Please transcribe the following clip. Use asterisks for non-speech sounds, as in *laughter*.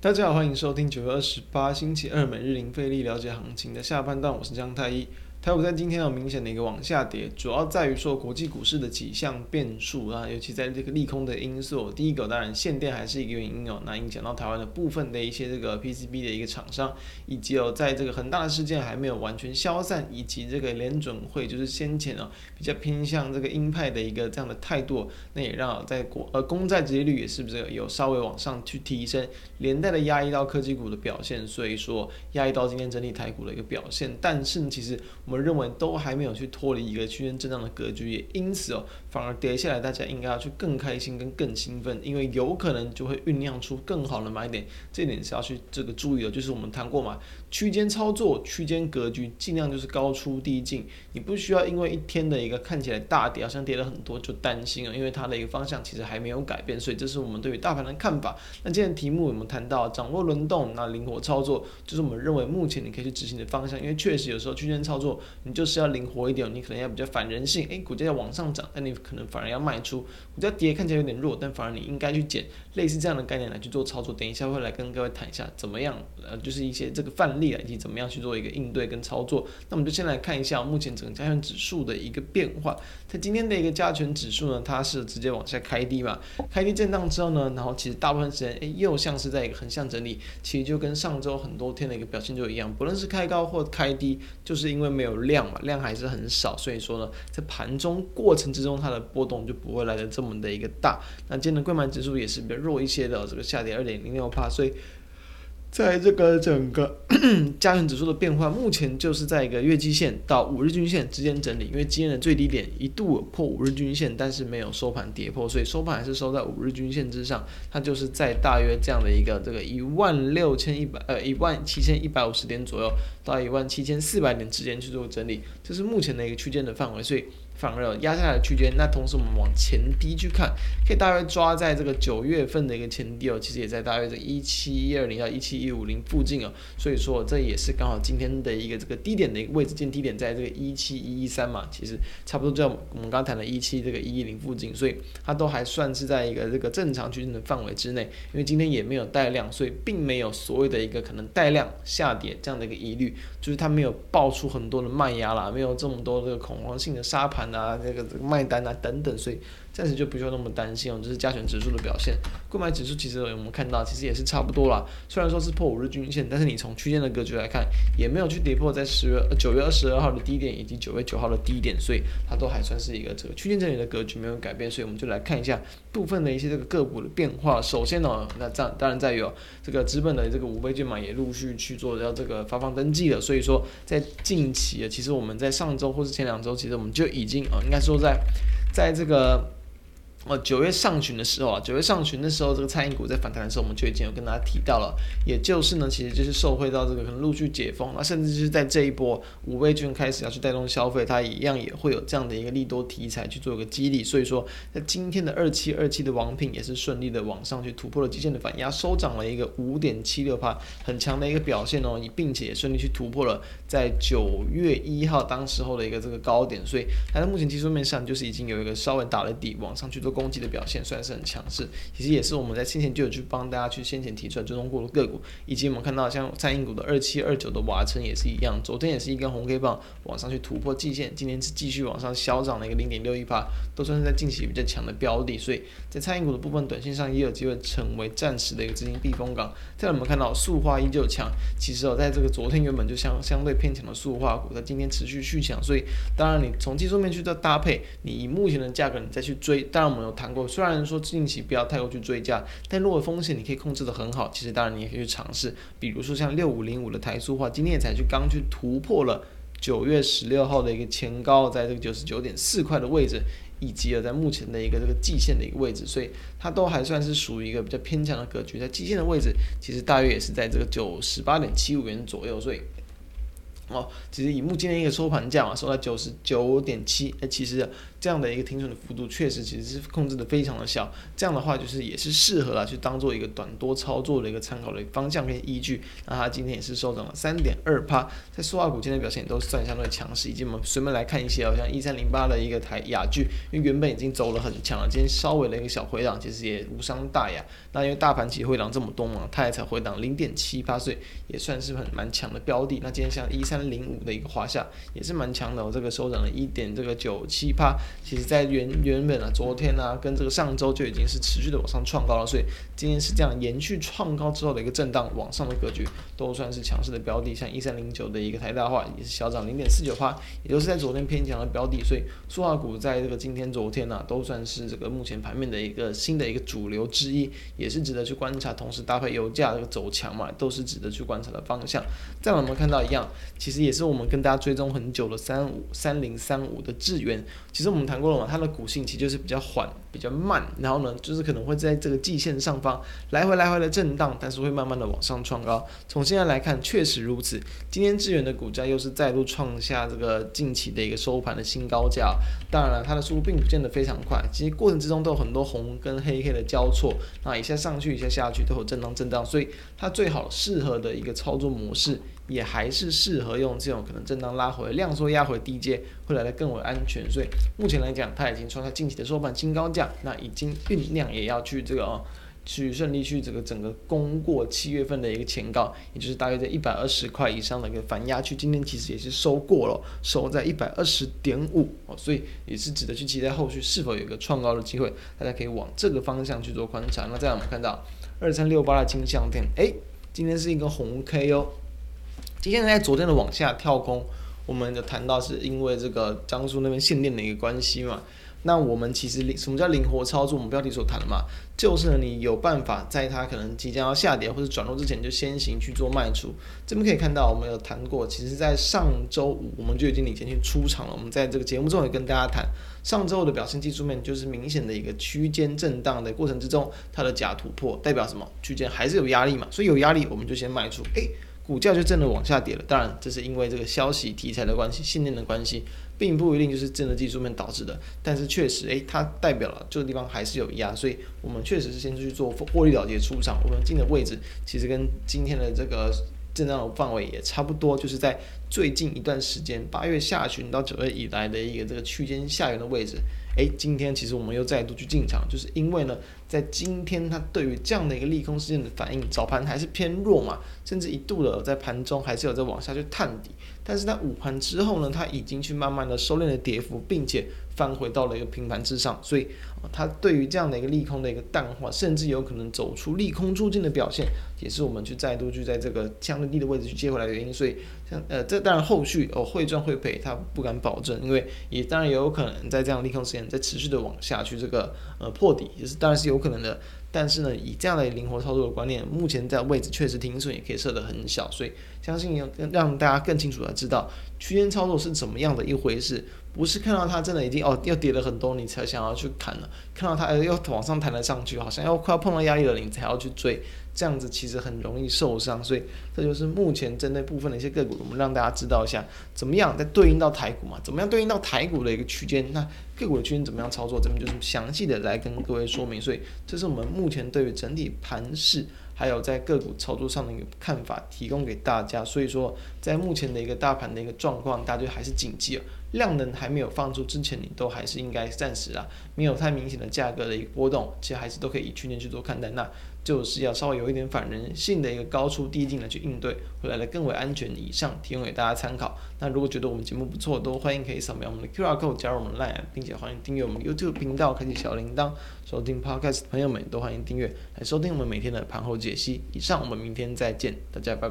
大家好，歡迎收聽九月二十八星期二每日零費力了解行情的下半段，我是江太一。台股在今天有明顯的一個往下跌，主要在於說國際股市的幾項變數啊，尤其在這個利空的因素。第一個當然限電還是一個原因哦，那影響到台灣的部分的一些這個 PCB 的一個廠商，以及有在這個恆大的事件還沒有完全消散，以及這個聯準會就是先前哦比較偏向這個鷹派的一個這樣的態度，那也讓在國呃公債殖利率也是不是有稍微往上去提升，連帶的壓抑到科技股的表現，所以說壓抑到今天整體台股的一個表現，但是其實。我們認為都還沒有去脫離一個區間震盪的格局，也因此哦，反而跌下來，大家應該要去更開心跟更興奮，因為有可能就會醞釀出更好的買點。這點是要去這個注意的，就是我們談過嘛，區間操作、區間格局，盡量就是高出低進，你不需要因為一天的一個看起來大跌，好像跌了很多就擔心哦，因為它的一個方向其實還沒有改變，所以這是我們對於大盤的看法。那今天的題目我們談到掌握輪動，那靈活操作就是我們認為目前你可以去執行的方向，因為確實有時候區間操作。你就是要靈活一點，你可能要比較反人性。哎、欸，股價要往上漲，但你可能反而要賣出。股價跌看起來有點弱，但反而你應該去撿，類似這樣的概念來去做操作。等一下會來跟各位談一下怎麼樣，呃，就是一些這個範例啊，以及怎麼樣去做一個應對跟操作。那我們就先來看一下目前整個加權指數的一個變化。它今天的一個加權指數呢，它是直接往下開低嘛？開低震盪之後呢，然後其實大部分時間哎又像是在一個橫向整理，其實就跟上週很多天的一個表現就一樣。不論是開高或開低，就是因為沒有。有量嘛，量還是很少，所以說呢，在盤中過程之中，它的波動就不會來的這麼的一個大。那今天的櫃買指數也是比較弱一些的、哦，這個下跌二點零六趴，所以。在這個整個加權 *coughs* 指數的變化，目前就是在一個月季線到五日均線之間整理。因為今天的最低點一度有破五日均線，但是沒有收盤跌破，所以收盤還是收在五日均線之上。它就是在大約這樣的一個這個一萬六千一百呃一萬七千一百五十點左右到一萬七千四百點之間去做整理，這是目前的一個區間的範圍，所以。放熱壓下來的區間，那同時我們往前低去看，可以大約抓在這個九月份的一個前低哦，其實也在大約在一七一二零到一七一五零附近哦。所以說這也是剛好今天的一個這個低點的一個位置，見低點在這個一七一一三嘛，其實差不多就在我們剛剛談的一七這個一一零附近，所以它都還算是在一個這個正常區間的範圍之內，因為今天也沒有帶量，所以並沒有所謂的一個可能帶量下跌這樣的一個疑慮，就是它沒有爆出很多的賣壓啦，沒有這麼多這個恐慌性的殺盤。啊，這、那個賣單啊，等等，所以。暫時就不用那麼擔心哦、喔，這是加權指數的表現。櫃買指數其實我們看到其實也是差不多啦，雖然說是破五日均線，但是你從區間的格局來看，也沒有去跌破在十月呃九月二十二號的低點以及九月九號的低點，所以它都還算是一個這個區間整理的格局沒有改變，所以我們就來看一下部分的一些這個個股的變化。首先呢、喔，那這當然在於哦、喔，這個資本的這個五倍券嘛，也陸續去做要這個發放登記了，所以說在近期啊，其實我們在上周或是前兩周，其實我們就已經啊、喔，應該說在在這個。哦、呃，九月上旬的時候啊，九月上旬的時候，這個餐飲股在反彈的時候，我們就已經有跟大家提到了，也就是呢，其實就是受惠到這個可能陸續解封那、啊、甚至就是在這一波五倍券開始要去帶動消費，它一樣也會有這樣的一個利多題材去做一個激勵。所以說，在今天的二七二七的王品也是順利的往上去突破了季線的反壓，收漲了一個五點七六趴，很強的一個表現哦，你並且也順利去突破了在九月一號當時候的一個這個高點，所以它在目前技術面上就是已經有一個稍微打了底往上去。攻擊的表現算是很強勢，其實也是我們在先前就有去幫大家去先前提出來追蹤過的個股，以及我們看到像餐飲股的二七二九的瓦城也是一樣，昨天也是一根紅 K 棒往上去突破季線，今天是繼續往上小漲了一個零點六一趴，都算是在近期比較強的標的，所以在餐飲股的部分短線上也有機會成為暫時的一個資金避風港。再來我們看到塑化依舊強，其實哦、喔、在這個昨天原本就相相對偏強的塑化股，在今天持續續強，所以當然你從技術面去到搭配，你以目前的價格你再去追，當然，有談過，雖然說近期不要太過去追價，但如果風險你可以控制得很好，其實當然你也可以去嘗試。比如說像六五零五的台塑化，今天也才去剛去突破了九月十六號的一個前高，在這個九十九點四塊的位置，以及啊，在目前的一個這個季線的一個位置，所以它都還算是屬於一個比較偏強的格局。在季線的位置，其實大約也是在這個九十八點七五元左右。所以，哦，其實以目前的一個收盤價嘛，收到九十九點七，其實、啊。這樣的一個停損的幅度確實其實是控制的非常的小，這樣的話就是也是適合啊去當做一個短多操作的一個參考的方向跟依據。那它今天也是收漲了三點二趴，在塑化股今天表現也都算相對強勢，以及我們隨便來看一些，哦，好像一三零八的一個台亞聚，因為原本已經走了很強了，今天稍微的一個小回檔其實也無傷大雅。那因為大盤起回檔這麼多嘛，它也才回檔零點七八趴，也算是很蠻強的標的。那今天像一三零五的一個華夏也是蠻強的，哦，我這個收漲了一點這個九七趴。其實，在原原本啊，昨天呢、啊，跟這個上週就已經是持續的往上創高了，所以今天是這樣延續創高之後的一個震盪往上的格局，都算是強勢的標的。像一三零九的一個台達化也是小漲零點四九八，也就是在昨天偏強的標的，所以塑化股在這個今天、昨天呢、啊，都算是這個目前盤面的一個新的一個主流之一，也是值得去觀察。同時搭配油價這個走強嘛，都是值得去觀察的方向。再我們看到一樣，其實也是我們跟大家追蹤很久的三五三零三五的智原，其實我們。我們談過了嘛，它的股性其實就是比較緩、比較慢，然後呢，就是可能會在這個季線上方來回來回的震盪，但是會慢慢的往上創高。從現在來看，確實如此。今天智元的股價又是再度創下這個近期的一個收盤的新高價哦。當然了，它的速度並不見得非常快，其實過程之中都有很多紅跟黑黑的交錯，那一下上去一下下去都有震盪震盪，所以它最好適合的一個操作模式，也還是適合用這種可能震盪拉回、量縮壓回低接會來的更為安全，所以目前來講，它已經創下近期的收盤新高價，那已經醞釀也要去這個哦，去順利去這個整個攻過七月份的一個前高，也就是大約在一百二十塊以上的一個反壓區，今天其實也是收過了，收在一百二十點五哦，所以也是值得去期待後續是否有一個創高的機會，大家可以往這個方向去做觀察。那再來我們看到二三六八的金像電，哎，今天是一個紅 K 哦。今天在昨天的往下跳空，我們就談到是因為這個江蘇那邊限電的一個關係嘛。那我們其實什麼叫靈活操作？我們標題所談的嘛，就是你有辦法在它可能即將要下跌或者轉弱之前，就先行去做賣出。這邊可以看到，我們有談過，其實在上周五我們就已經領先去出場了。我們在這個節目中也跟大家談，上周五的表現技術面就是明顯的一個區間震盪的過程之中，它的假突破代表什麼？區間還是有壓力嘛。所以有壓力，我們就先賣出。誒、欸。股價就真的往下跌了，當然這是因為這個消息題材的關係，信念的關係，並不一定就是真的技術面導致的，但是確實，誒，它代表了這個地方還是有壓，所以我們確實是先去做獲利了結、出場。我們進的位置其實跟今天的這個震盪的範圍也差不多，就是在。最近一段時間，八月下旬到九月以來的一個這個區間下緣的位置，誒，今天其實我們又再度去進場，就是因為呢，在今天它對於這樣的一個利空事件的反應，早盤還是偏弱嘛，甚至一度的在盤中還是有在往下去探底，但是它午盤之後呢，它已經去慢慢的收斂了跌幅，並且翻回到了一個平盤之上，所以它對於這樣的一個利空的一個淡化，甚至有可能走出利空出盡的表現，也是我們去再度去在這個相對低的位置去接回來的原因，所以。像呃，這當然後續哦會賺會賠，他不敢保證，因為也當然也有可能在這樣利空時間再持續的往下去這個呃破底，也是當然是有可能的。但是呢，以這樣的靈活操作的觀念，目前在位置確實停損也可以設得很小，所以相信要讓大家更清楚的知道區間操作是怎麼樣的一回事，不是看到它真的已經哦又跌了很多，你才想要去砍了；看到它又往上彈了上去，好像要快要碰到壓力了，你才要去追，這樣子其實很容易受傷。所以這就是目前針對部分的一些個股，我們讓大家知道一下怎麼樣在對應到台股嘛，怎麼樣對應到台股的一個區間那。個股區間怎麼樣操作？這邊就是詳細的來跟各位說明。所以這是我們目前對於整體盤勢，還有在個股操作上的一個看法，提供給大家。所以說，在目前的一個大盤的一個狀況，大家就還是謹記、哦、量能還沒有放出之前，你都還是應該暫時啊，沒有太明顯的價格的一個波動，其實還是都可以以區間去做看待。那。就是要稍微有一點反人性的一個高出低進來去應對，會來的更為安全。以上提供給大家參考。那如果覺得我們節目不錯，都歡迎可以掃描我們的 QR code 加入我們的 LINE，並且歡迎訂閱我們 YouTube 頻道，開啟小鈴鐺收聽 Podcast。朋友們都歡迎訂閱來收聽我們每天的盤後解析。以上，我們明天再見，大家拜拜。